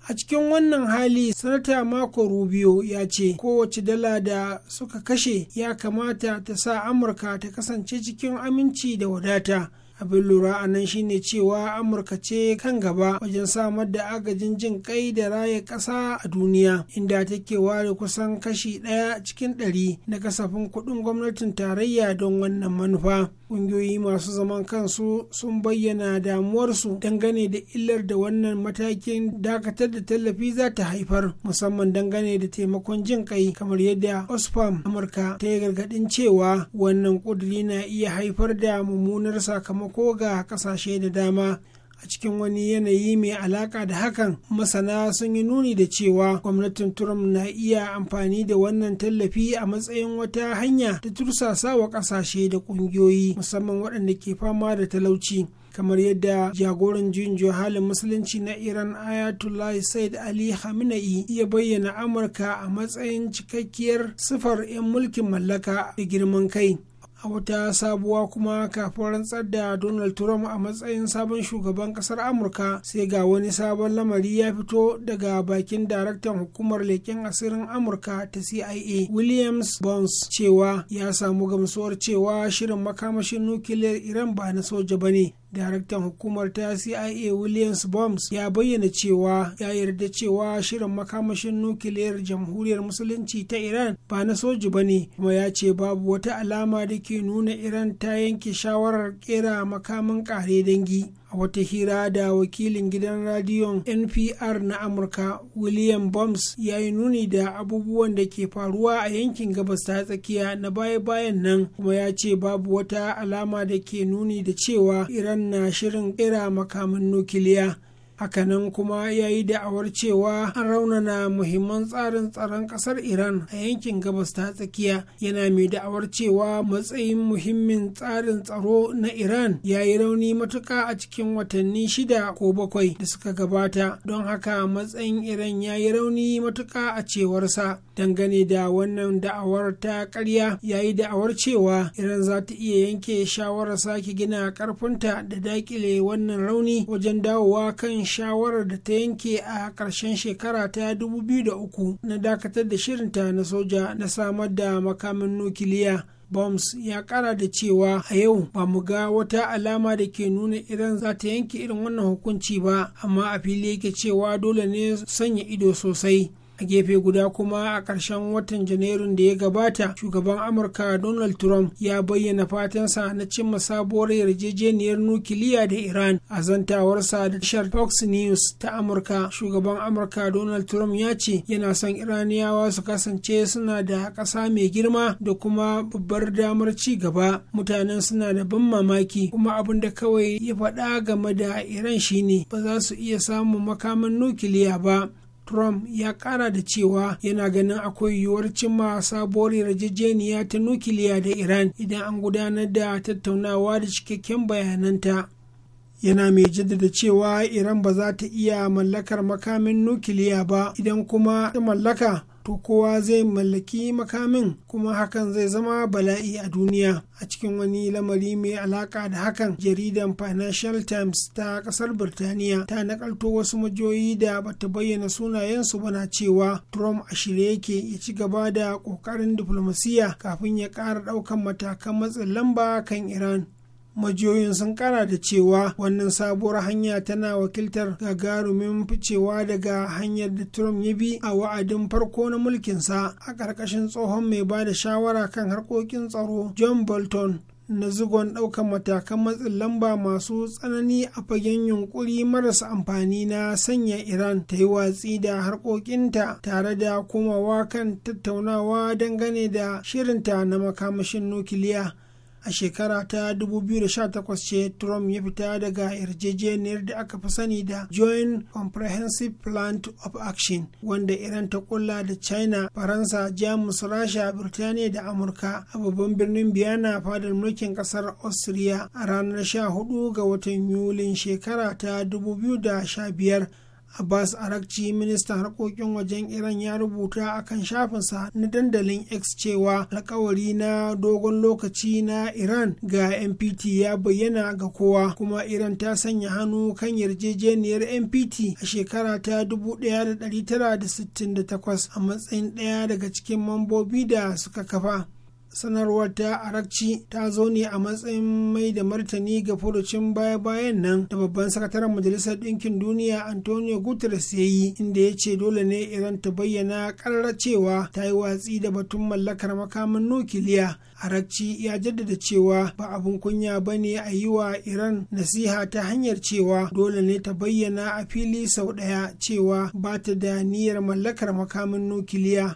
Speaker 5: a cikin wannan hali sanata mako rubio ya ce kowace dala da suka kashe ya kamata ta sa amurka ta kasance cikin aminci da wadata abin lura a nan shine cewa amurka ce kan gaba wajen samar da agajin jin kai da raye ƙasa a duniya inda take ware kusan kashi ɗaya cikin ɗari na kasafin kuɗin gwamnatin tarayya don wannan manufa Ƙungiyoyi masu zaman kansu sun bayyana damuwarsu dangane da illar da wannan matakin dakatar da tallafi za ta haifar musamman dangane da taimakon jin kai kamar yadda Osfam Amurka ta yi gargaɗin cewa wannan ƙuduri na iya haifar da mummunar sakamako ga ƙasashe da dama. a cikin wani yanayi mai alaka da hakan masana sun yi nuni da cewa gwamnatin trump na iya amfani da wannan tallafi a matsayin wata hanya ta tursasa wa kasashe da ƙungiyoyi musamman waɗanda ke fama da talauci kamar yadda jagoran juyin halin musulunci na iran ayatollah said ali hamina'i ya bayyana amurka a matsayin cikakkiyar sifar 'yan mulkin mallaka da girman kai a wata sabuwa kuma kafin rantsar da donald trump a matsayin sabon shugaban kasar amurka sai ga wani sabon lamari ya fito daga bakin daraktan hukumar leƙen asirin amurka ta cia williams bones cewa ya samu gamsuwar cewa shirin makamashin nukiliyar iran ba na soja ba ne daraktan hukumar ta cia williams bombs ya bayyana cewa ya yarda cewa shirin makamashin nukiliyar jamhuriyar musulunci ta iran ba na soji ba ne kuma ya ce babu wata alama da ke nuna iran ta yanke shawarar kera makamin kare dangi a wata hira da wakilin gidan radiyon npr na amurka william bombs ya yi nuni da abubuwan da ke faruwa a yankin gabas ta tsakiya na baya-bayan nan kuma ya ce babu wata alama da ke nuni da cewa iran na shirin kera makamin nukiliya hakanan kuma ya yi da'awar cewa an raunana muhimman tsarin tsaron kasar iran a yankin gabas ta tsakiya yana mai da'awar cewa matsayin muhimmin tsarin tsaro na iran ya yi rauni matuka a cikin watanni shida ko bakwai da suka gabata don haka matsayin iran ya yi rauni matuka a cewarsa dangane da wannan da'awar ta karya yayi da'awar cewa iran za ta iya yanke shawarar sake gina karfinta da dakile wannan rauni wajen dawowa kan shawarar da ta yanke a ƙarshen shekara ta 2003 na dakatar da shirinta na soja na samar da makamin nukiliya Bombs ya kara da cewa a yau ba mu ga wata alama da ke nuna Iran za ta yanke irin wannan hukunci ba, amma a fili yake cewa dole ne sanya ido sosai. a gefe guda kuma a ƙarshen watan janairun da ya gabata shugaban amurka donald trump ya bayyana fatansa na cimma sabuwar yarjejeniyar nukiliya da iran a zantawarsa da tashar fox news ta amurka shugaban amurka donald trump ya ce yana son iraniyawa su kasance suna da ƙasa mai girma da kuma babbar damar ci gaba mutanen suna da ban mamaki kuma abin da kawai ya faɗa game da iran shine ba za su iya samun makaman nukiliya ba trump ya kara da cewa yana ganin akwai yiwuwar cimma sabuwar yarjejeniya ta nukiliya da iran idan an gudanar da tattaunawa da cikakken bayananta yana mai jaddada cewa iran ba za ta iya mallakar makamin nukiliya ba idan kuma ta mallaka to kowa zai mallaki makamin kuma hakan zai zama bala'i a duniya a cikin wani lamari mai alaka da hakan jaridan financial times ta kasar birtaniya ta nakalto wasu majoyi da bata bayyana sunayensu bana cewa trump a shirye yake ya ci gaba da kokarin diflomasiya kafin ya ƙara ɗaukan matakan matsin lamba kan iran majiyoyin sun kara da cewa wannan sabuwar hanya tana wakiltar gagarumin ficewa daga hanyar da trump ya bi a wa'adin farko na mulkinsa a ƙarƙashin tsohon mai ba da shawara kan harkokin tsaro john bolton na zugon ɗaukar matakan matsin lamba masu tsanani a fagen yunkuri marasa amfani na sanya iran ta yi watsi da harkokinta tare da komawa kan tattaunawa dangane da shirinta na makamashin nukiliya a shekara ta 2018 ce trump ya fita daga yarjejeniyar da aka fi sani da joint comprehensive plan of action wanda iran ta kulla da china faransa jamus rasha birtaniya da amurka a babban birnin biyana fadar mulkin kasar austria a ranar 14 ga watan yulin shekara ta 2015 Abbas Arakci ministan harkokin wajen Iran ya rubuta a kan shafinsa na dandalin X cewa alkawari na dogon lokaci na Iran ga NPT ya bayyana ga kowa kuma Iran ta sanya hannu kan yarjejeniyar NPT a shekara ta 1968 a matsayin ɗaya daga cikin mambobi da suka kafa. sanarwar ta arakci ta zo ne a matsayin mai da martani ga furucin baya-bayan nan da babban sakataren majalisar ɗinkin duniya antonio guterres ya yi inda ya ce dole ne iran ta bayyana ƙarara cewa ta yi watsi da batun mallakar makamin nukiliya arakci ya jaddada cewa ba abin kunya ba ne a yi wa iran nasiha ta hanyar cewa dole ne ta bayyana a fili sau ɗaya cewa ba ta da niyyar mallakar makamin nukiliya.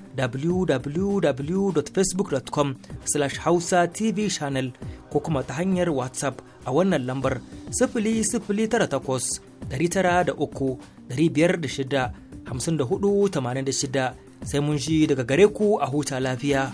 Speaker 2: www.facebook.com slash hausa tv channel ko kuma ta hanyar whatsapp a wannan lambar da 00983 da shida sai mun ji daga gare ku a huta lafiya.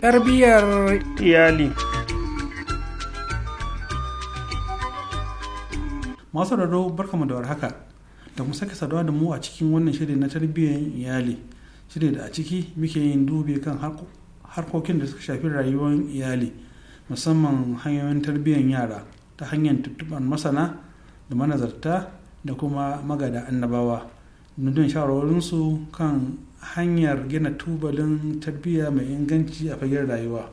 Speaker 5: tarbiyyar
Speaker 3: iyali
Speaker 6: masu rado barkamu da warhaka da mu sake saduwa da mu a cikin wannan shiri na tarbiyyar iyali shiri da a ciki muke yin dubi kan harkokin da suka shafi rayuwar iyali musamman hanyoyin tarbiyyar yara ta hanyar tuttuban masana da manazarta da kuma magada annabawa nudin shawarwarinsu kan hanyar gina tubalin tarbiyya mai inganci a fagen rayuwa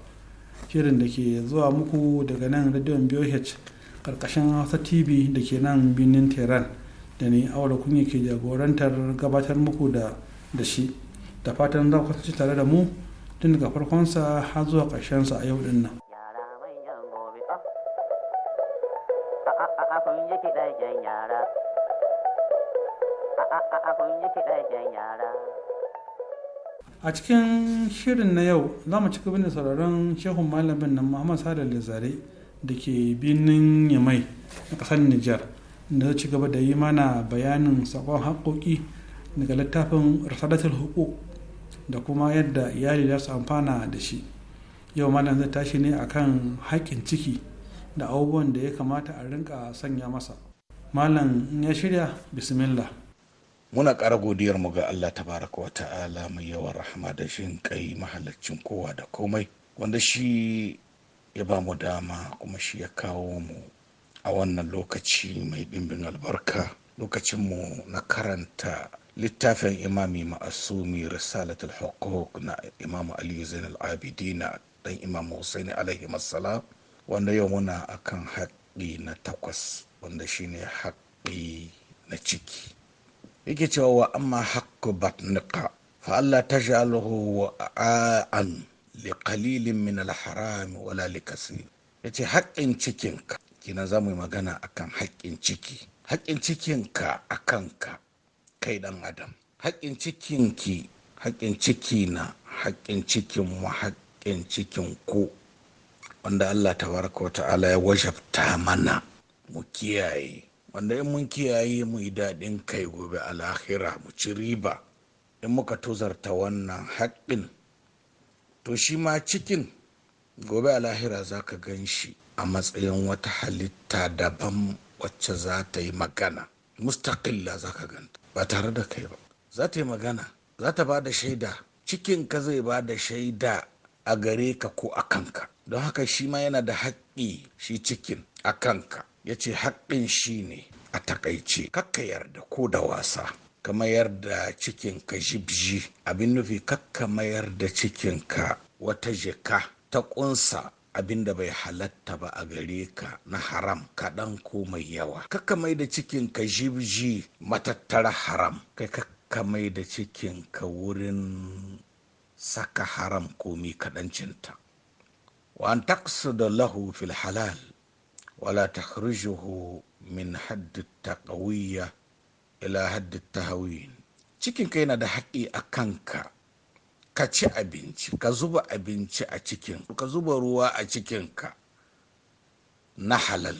Speaker 6: shirin da ke zuwa muku daga nan radiyon BOH karkashin hausa tv da ke nan birnin tehran da ni aure kunya ke jagorantar gabatar muku da da shi da fatan za ku tare da mu tun daga farkonsa har zuwa karshensa a yau din nan yara a cikin shirin na yau za mu ci gaba da sauraron shehun malamin nan muhammad sadar lezare da ke birnin yamai a ƙasar nijar da zai ci gaba da yi mana bayanin sakon haƙoƙi daga littafin rasadatul hukuk da kuma yadda iyali za su amfana da shi yau malam zai tashi ne akan haƙƙin ciki da abubuwan da ya kamata a rinka sanya masa malam ya shirya bismillah
Speaker 7: muna ƙara godiyar mu ga Allah tabaraka wa ta'ala mai yawan rahama da shin kai mahallacin kowa da komai wanda shi ya ba mu dama kuma shi ya kawo mu a wannan lokaci mai bimbin albarka lokacin mu na karanta littafin imami ma'asumi risalatul hukuk na Imam aliyu zainal abidina dan imam husaini alaihi wanda yau muna akan haƙƙi na takwas wanda shine haƙƙi na ciki yake cewa wa amma haqqu batnika fa Allah shaluhu wa a'an qalilin min al-haram wala likasi Ya yace haƙƙin cikinka kina za mu yi magana akan haƙƙin ciki haƙƙin cikinka a kanka kai ɗan adam haƙƙin cikinki haƙƙin ciki na haƙƙin cikin mu haƙƙin cikin ku wanda Allah tabaraka wa ta'ala ya wajabta mana mu kiyaye wanda in mun kiyaye mu yi daɗin kai gobe a lahira mu ci riba in muka tuzarta wannan haƙƙin to shi ma cikin gobe a lahira za ka gan shi a matsayin wata halitta daban wacce za ta yi magana mustaƙilla za ka ganta ba tare da kai ba za ta yi magana za ta ba da shaida cikin ka zai ba da shaida a gare ka ko a kanka don haka shi ma yana da haƙƙi shi cikin a kanka ya ce haƙƙin shi ne a takaice kakka yarda ko da wasa ka mayar da cikinka jibji abin nufi kakka mayar da cikinka wata jika ta ƙunsa abin da bai halatta ba a gare ka na haram kaɗan ko mai yawa kakka mai da cikinka jibji matattara haram kai kakka mai da cikinka wurin saka haram komi kaɗancinta wa an da lahu fil halal wala takhrijuhu min haddi taqawiyya ila haddi tahawin cikin ka yana da haƙƙi a kanka ka ci abinci ka zuba abinci a cikin ka zuba ruwa a cikinka na halal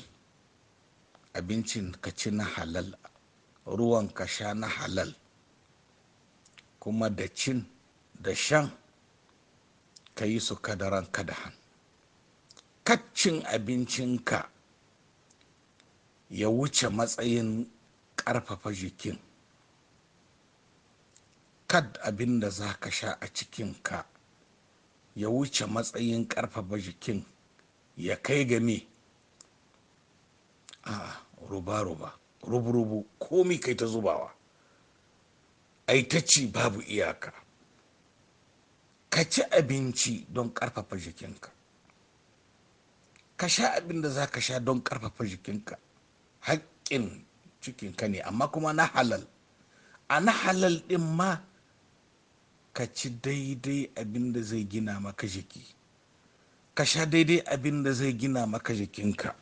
Speaker 7: abincin ka ci na halal ruwan ka sha na halal kuma da cin da shan ka yi su kadaran kadahan kaccin abincinka ya wuce matsayin ƙarfafa jikin kad abin da za ka sha a cikinka ya wuce matsayin ƙarfafa jikin ya kai game? A'a, a ruba-ruba rubu-rubu komi kai ta zubawa ai ta ci babu iyaka ka ci abinci don ƙarfafa jikinka ka sha abin da za ka sha don ƙarfafa jikinka haƙƙin cikinka ne amma kuma na halal a na halal ɗin ma ka ci daidai abin da zai gina maka jiki ka sha daidai abin da zai gina maka jikinka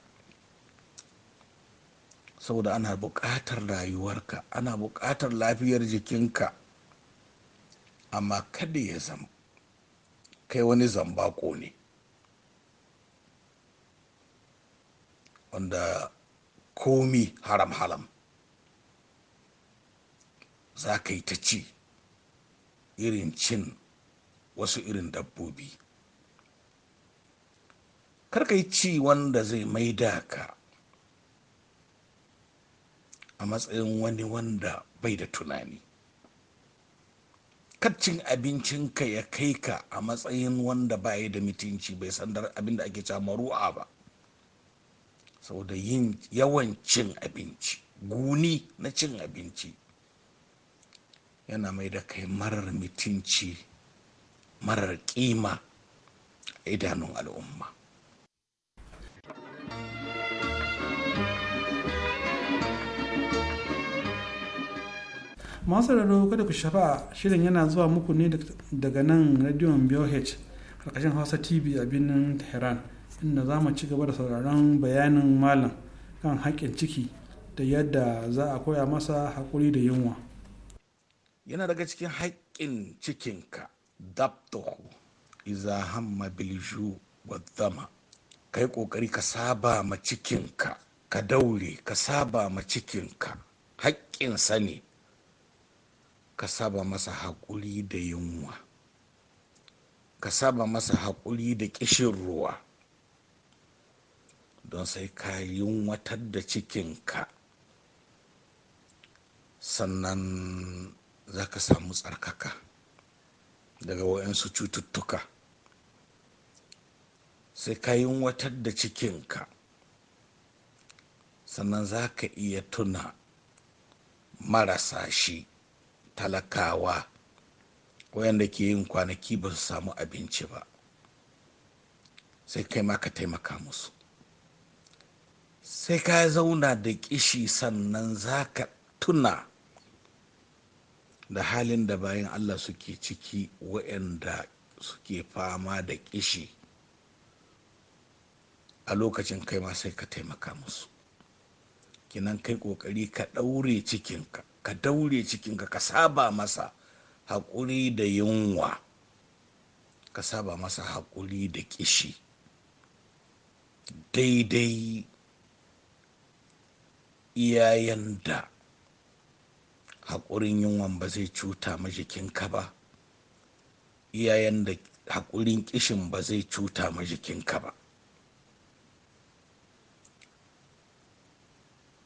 Speaker 7: saboda ana buƙatar rayuwarka ana buƙatar lafiyar jikinka amma kada ya zama kai wani zambako ne wanda komi haram haram za ka yi ta ci irin cin wasu irin dabbobi karka yi ci wanda zai maida ka a matsayin wani wanda bai da tunani kaccin abincinka ya kai ka a matsayin wanda bai da mutunci bai san abin da ake camaru'a ba saboda yin yawan cin abinci guni na cin abinci yana mai da kai marar mutunci marar kima a idanun al'umma
Speaker 6: masu raro kada ku shafa shirin yana zuwa muku ne daga nan radiyon BOH karkashin hausa tv a birnin tehran inda za mu ci gaba da sauraron bayanin malam kan haƙƙin ciki da yadda za a koya masa haƙuri da yunwa
Speaker 7: yana daga cikin haƙƙin cikinka dabtahu iza hamma bilju wa zama kai ƙoƙari ka saba ma cikinka ka daure ka saba ma cikinka haƙƙinsa ne ka saba masa haƙuri da yunwa ka saba masa haƙuri da ƙishin ruwa don sai ka yunwatar da cikinka sannan za ka samu tsarkaka daga wayansu cututtuka sai ka yunwatar da cikinka sannan za ka iya tuna marasa shi talakawa wayanda ke yin kwanaki ba su samu abinci ba sai kai ma ka taimaka musu sai ka zauna da kishi sannan za ka tuna da halin da bayan allah suke ciki waɗanda suke fama da kishi a lokacin kai ma sai ka taimaka musu kinan kai ƙoƙari ka daure cikinka ka daure cikinka ka saba masa haƙuri da yunwa ka saba masa haƙuri da kishi daidai iyayen da haƙurin yunwan ba zai cuta ma jikinka ba iyayen da haƙurin ƙishin ba zai cuta ma jikinka ba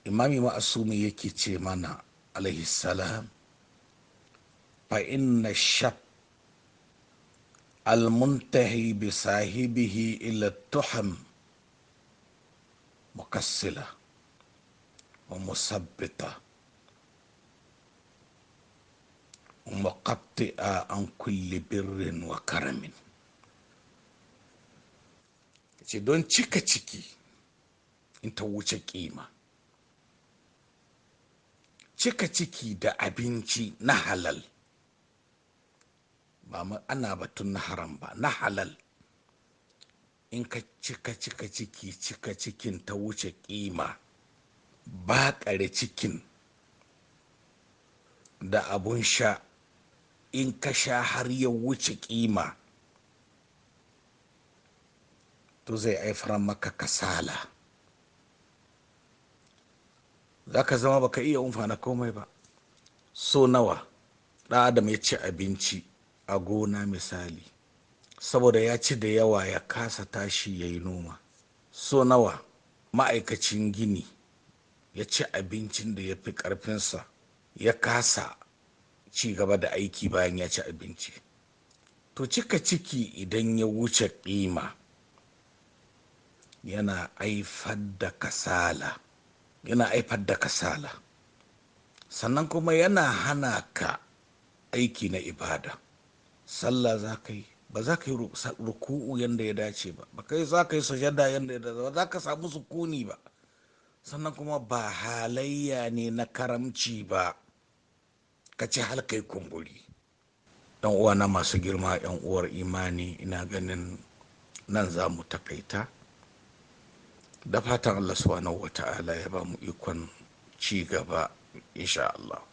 Speaker 7: imami ma'asumi yake ce mana alaihissalam fa inna almuntahi bi sahibihi ila التحم mukassila ومثبطة ومقطئة عن كل بر وكرم ce don cika ciki in ta wuce kima cika ciki da abinci na halal ba ana batun na haram ba na halal in ka cika cika ciki cika cikin ta wuce kima bakare cikin da abun sha in ka sha har ya wuce kima to zai haifar maka kasala za ka zama baka iya umfana komai ba so nawa da adam ya ci abinci a gona misali saboda ya ci da yawa ya kasa tashi ya yi noma so nawa ma'aikacin gini ya ci abincin da ya fi ƙarfinsa ya kasa ci gaba da aiki bayan ya ci abinci to cika ciki idan ya wuce ƙima yana haifar da kasala yana haifar da kasala sannan kuma yana hana ka aiki na ibada sallah za ka yi ba za ka yi ruku'u yadda ya dace ba ba kai za ka yi sujada yadda ya dace ba za ka samu sukuni ba sannan kuma ba halayya ne na karamci ba ka ci halkai kumburi Ɗan uwa masu girma yan uwar imani ina ganin nan za mu takaita da fatan allah subhanahu wa ta'ala ya ba mu ikon ci gaba insha allah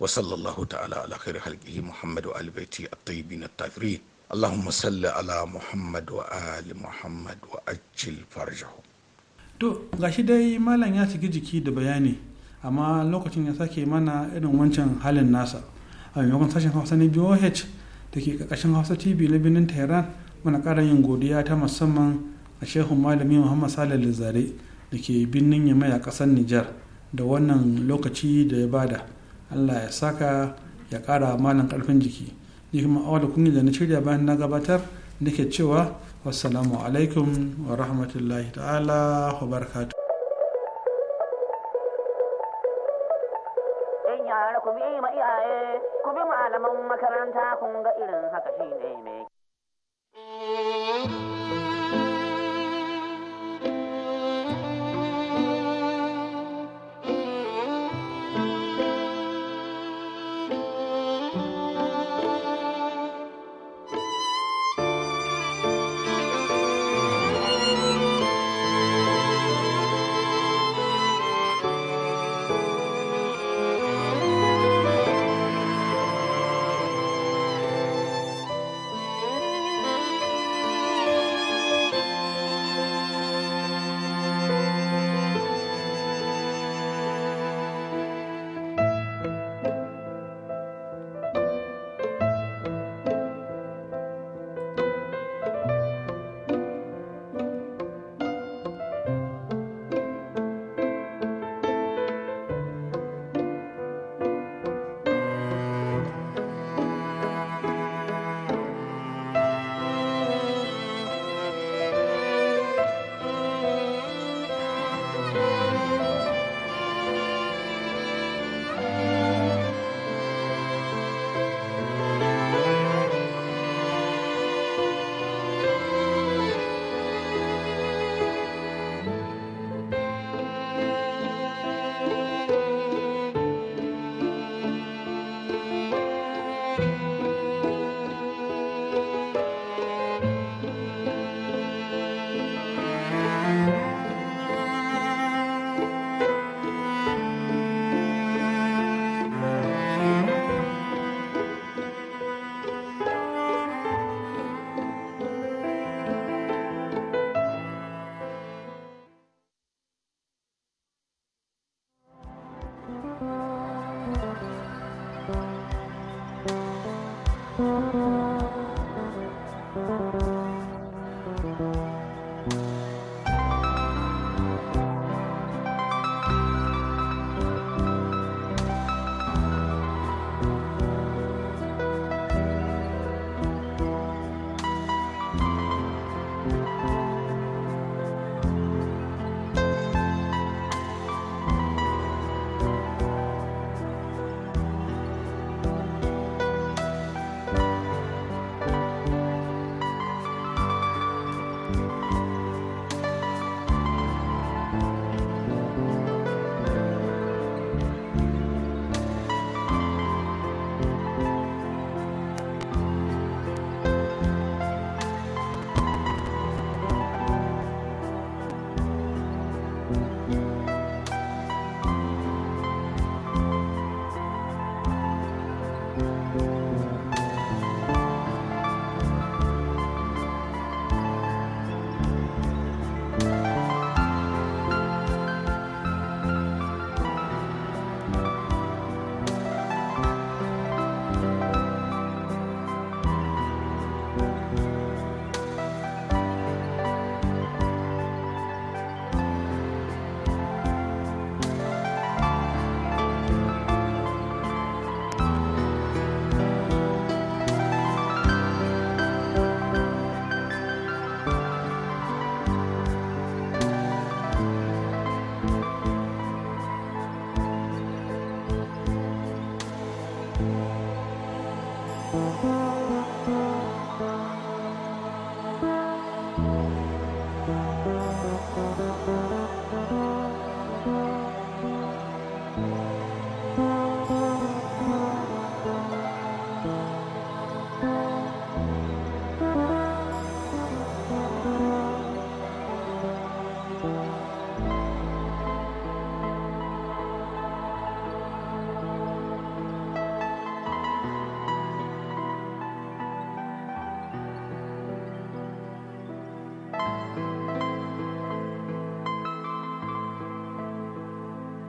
Speaker 7: wa sallallahu ta'ala ala khairi halqihi muhammadu albaiti at-tayyibin at-tafirin اللهم صل على محمد وآل محمد وأجل فرجه
Speaker 6: to gashi dai malam ya shiga jiki da bayani amma lokacin ya sake mana irin wancan halin nasa a maimakon sashen hausa na boh da ke kakashin hausa tv na birnin tehran muna ƙara yin godiya ta musamman a shehun malami muhammad salih lizare da ke birnin yamai a ƙasar nijar da wannan lokaci da ya bada allah ya saka ya ƙara malam ƙarfin jiki ni kuma da kungiyar da na shirya bayan na gabatar da ke cewa wassalamu alaikum wa rahmatullahi ta'ala wa barakatu
Speaker 8: ku bi ma iyaye ku bi malaman makaranta kun ga irin haka shi ne